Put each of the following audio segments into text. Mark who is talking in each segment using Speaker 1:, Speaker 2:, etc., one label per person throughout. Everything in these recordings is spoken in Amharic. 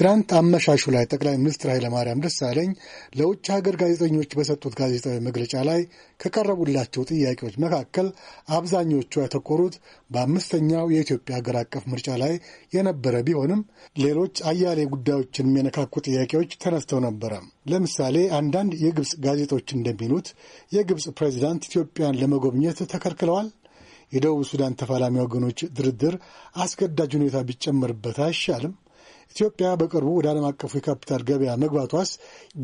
Speaker 1: ትናንት አመሻሹ ላይ ጠቅላይ ሚኒስትር ኃይለማርያም ደሳለኝ ለውጭ ሀገር ጋዜጠኞች በሰጡት ጋዜጣዊ መግለጫ ላይ ከቀረቡላቸው ጥያቄዎች መካከል አብዛኞቹ ያተኮሩት በአምስተኛው የኢትዮጵያ ሀገር አቀፍ ምርጫ ላይ የነበረ ቢሆንም ሌሎች አያሌ ጉዳዮችን የሚነካኩ ጥያቄዎች ተነስተው ነበረ። ለምሳሌ አንዳንድ የግብፅ ጋዜጦች እንደሚሉት የግብፅ ፕሬዚዳንት ኢትዮጵያን ለመጎብኘት ተከልክለዋል። የደቡብ ሱዳን ተፋላሚ ወገኖች ድርድር አስገዳጅ ሁኔታ ቢጨመርበት አይሻልም? ኢትዮጵያ በቅርቡ ወደ ዓለም አቀፉ የካፒታል ገበያ መግባቷስ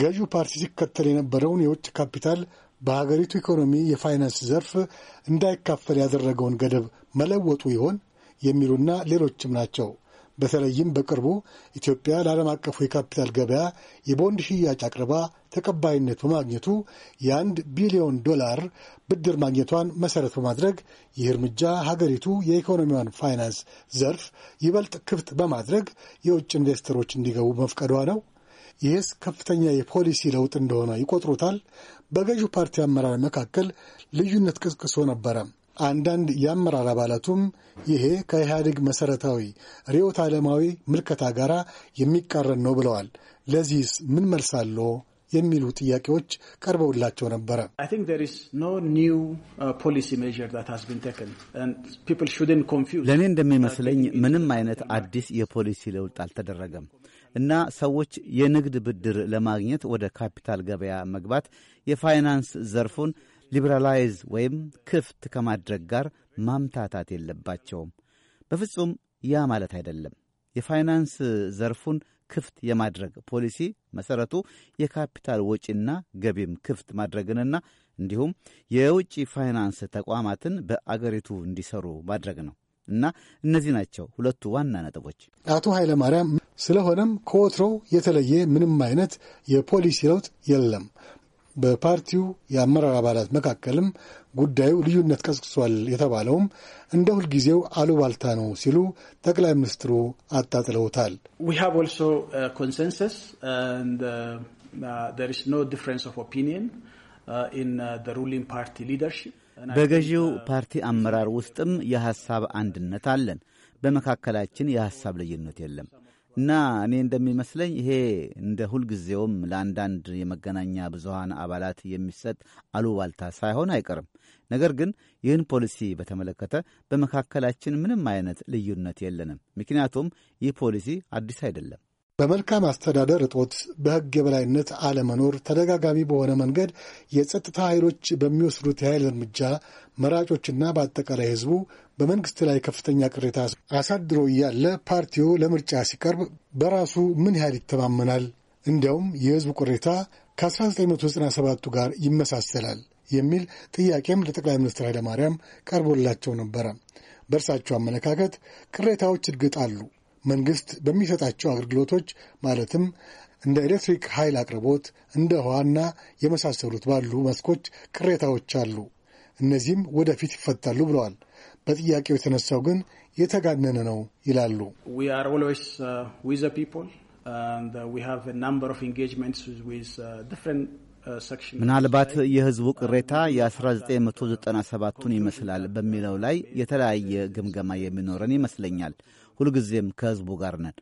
Speaker 1: ገዢው ፓርቲ ሲከተል የነበረውን የውጭ ካፒታል በሀገሪቱ ኢኮኖሚ የፋይናንስ ዘርፍ እንዳይካፈል ያደረገውን ገደብ መለወጡ ይሆን የሚሉና ሌሎችም ናቸው። በተለይም በቅርቡ ኢትዮጵያ ለዓለም አቀፉ የካፒታል ገበያ የቦንድ ሽያጭ አቅርባ ተቀባይነት በማግኘቱ የአንድ ቢሊዮን ዶላር ብድር ማግኘቷን መሠረት በማድረግ ይህ እርምጃ ሀገሪቱ የኢኮኖሚዋን ፋይናንስ ዘርፍ ይበልጥ ክፍት በማድረግ የውጭ ኢንቨስተሮች እንዲገቡ መፍቀዷ ነው። ይህስ ከፍተኛ የፖሊሲ ለውጥ እንደሆነ ይቆጥሩታል። በገዢው ፓርቲ አመራር መካከል ልዩነት ቅስቅሶ ነበረም። አንዳንድ የአመራር አባላቱም ይሄ ከኢህአዴግ መሠረታዊ ርዕዮተ ዓለማዊ ምልከታ ጋር የሚቃረን ነው ብለዋል። ለዚህስ ምን አለ የሚሉ ጥያቄዎች ቀርበውላቸው
Speaker 2: ነበረ።
Speaker 3: uh, ለእኔ እንደሚመስለኝ
Speaker 2: ምንም አይነት አዲስ የፖሊሲ ለውጥ አልተደረገም እና ሰዎች የንግድ ብድር ለማግኘት ወደ ካፒታል ገበያ መግባት የፋይናንስ ዘርፉን ሊበራላይዝ ወይም ክፍት ከማድረግ ጋር ማምታታት የለባቸውም። በፍጹም ያ ማለት አይደለም። የፋይናንስ ዘርፉን ክፍት የማድረግ ፖሊሲ መሠረቱ የካፒታል ወጪና ገቢም ክፍት ማድረግንና እንዲሁም የውጭ ፋይናንስ ተቋማትን በአገሪቱ እንዲሰሩ ማድረግ ነው እና እነዚህ ናቸው ሁለቱ ዋና ነጥቦች
Speaker 1: አቶ ኃይለማርያም። ስለሆነም ከወትሮው የተለየ ምንም አይነት የፖሊሲ ለውጥ የለም። በፓርቲው የአመራር አባላት መካከልም ጉዳዩ ልዩነት ቀስቅሷል የተባለውም እንደ ሁልጊዜው አሉባልታ ነው ሲሉ ጠቅላይ ሚኒስትሩ አጣጥለውታል።
Speaker 3: በገዢው
Speaker 2: uh, ፓርቲ አመራር ውስጥም የሐሳብ አንድነት አለን። በመካከላችን የሐሳብ ልዩነት የለም። እና እኔ እንደሚመስለኝ ይሄ እንደ ሁልጊዜውም ለአንዳንድ የመገናኛ ብዙሃን አባላት የሚሰጥ አሉባልታ ሳይሆን አይቀርም። ነገር ግን ይህን ፖሊሲ በተመለከተ በመካከላችን ምንም አይነት ልዩነት የለንም። ምክንያቱም ይህ ፖሊሲ አዲስ አይደለም።
Speaker 1: በመልካም አስተዳደር እጦት በሕግ የበላይነት አለመኖር ተደጋጋሚ በሆነ መንገድ የጸጥታ ኃይሎች በሚወስዱት የኃይል እርምጃ መራጮችና በአጠቃላይ ሕዝቡ በመንግስት ላይ ከፍተኛ ቅሬታ አሳድሮ እያለ ፓርቲው ለምርጫ ሲቀርብ በራሱ ምን ያህል ይተማመናል? እንዲያውም የሕዝቡ ቅሬታ ከ1997ቱ ጋር ይመሳሰላል የሚል ጥያቄም ለጠቅላይ ሚኒስትር ኃይለማርያም ቀርቦላቸው ነበረ። በእርሳቸው አመለካከት ቅሬታዎች እድግጥ አሉ መንግስት በሚሰጣቸው አገልግሎቶች ማለትም እንደ ኤሌክትሪክ ኃይል አቅርቦት፣ እንደ ውሃና የመሳሰሉት ባሉ መስኮች ቅሬታዎች አሉ። እነዚህም ወደፊት ይፈታሉ ብለዋል። በጥያቄው የተነሳው ግን የተጋነነ ነው ይላሉ።
Speaker 3: uh, uh, uh, ምናልባት
Speaker 2: የህዝቡ ቅሬታ የ1997ቱን ይመስላል በሚለው ላይ የተለያየ ግምገማ የሚኖረን ይመስለኛል። ሁልጊዜም ከሕዝቡ ጋር ነን።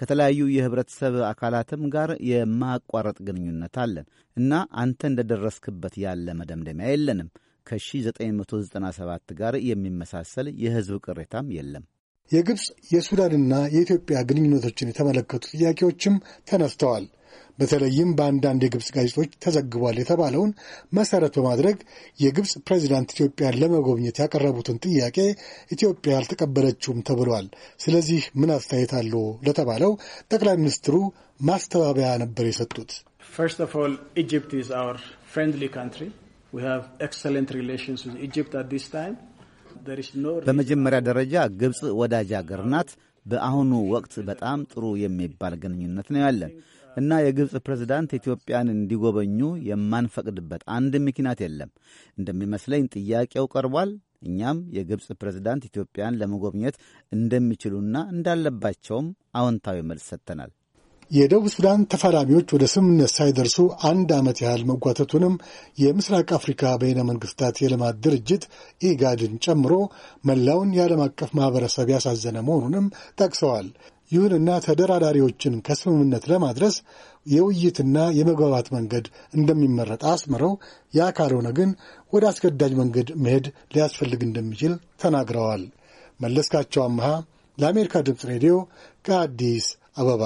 Speaker 2: ከተለያዩ የህብረተሰብ አካላትም ጋር የማቋረጥ ግንኙነት አለን እና አንተ እንደደረስክበት ያለ መደምደሚያ የለንም። ከ1997 ጋር የሚመሳሰል የሕዝብ ቅሬታም የለም።
Speaker 1: የግብፅ የሱዳንና የኢትዮጵያ ግንኙነቶችን የተመለከቱ ጥያቄዎችም ተነስተዋል። በተለይም በአንዳንድ የግብፅ ጋዜጦች ተዘግቧል የተባለውን መሰረት በማድረግ የግብፅ ፕሬዚዳንት ኢትዮጵያን ለመጎብኘት ያቀረቡትን ጥያቄ ኢትዮጵያ አልተቀበለችውም ተብሏል። ስለዚህ ምን አስተያየት አለው ለተባለው ጠቅላይ ሚኒስትሩ ማስተባበያ ነበር የሰጡት።
Speaker 3: First of all, Egypt is our friendly country. We have excellent
Speaker 2: በመጀመሪያ ደረጃ ግብፅ ወዳጅ አገር ናት። በአሁኑ ወቅት በጣም ጥሩ የሚባል ግንኙነት ነው ያለን እና የግብፅ ፕሬዝዳንት ኢትዮጵያን እንዲጎበኙ የማንፈቅድበት አንድ ምክንያት የለም። እንደሚመስለኝ ጥያቄው ቀርቧል። እኛም የግብፅ ፕሬዝዳንት ኢትዮጵያን ለመጎብኘት እንደሚችሉና እንዳለባቸውም አዎንታዊ መልስ ሰጥተናል።
Speaker 1: የደቡብ ሱዳን ተፋላሚዎች ወደ ስምምነት ሳይደርሱ አንድ ዓመት ያህል መጓተቱንም የምስራቅ አፍሪካ በይነ መንግስታት የልማት ድርጅት ኢጋድን ጨምሮ መላውን የዓለም አቀፍ ማህበረሰብ ያሳዘነ መሆኑንም ጠቅሰዋል። ይሁንና ተደራዳሪዎችን ከስምምነት ለማድረስ የውይይትና የመግባባት መንገድ እንደሚመረጥ አስምረው፣ ያ ካልሆነ ግን ወደ አስገዳጅ መንገድ መሄድ ሊያስፈልግ እንደሚችል ተናግረዋል። መለስካቸው አምሃ ለአሜሪካ ድምፅ ሬዲዮ ከአዲስ አበባ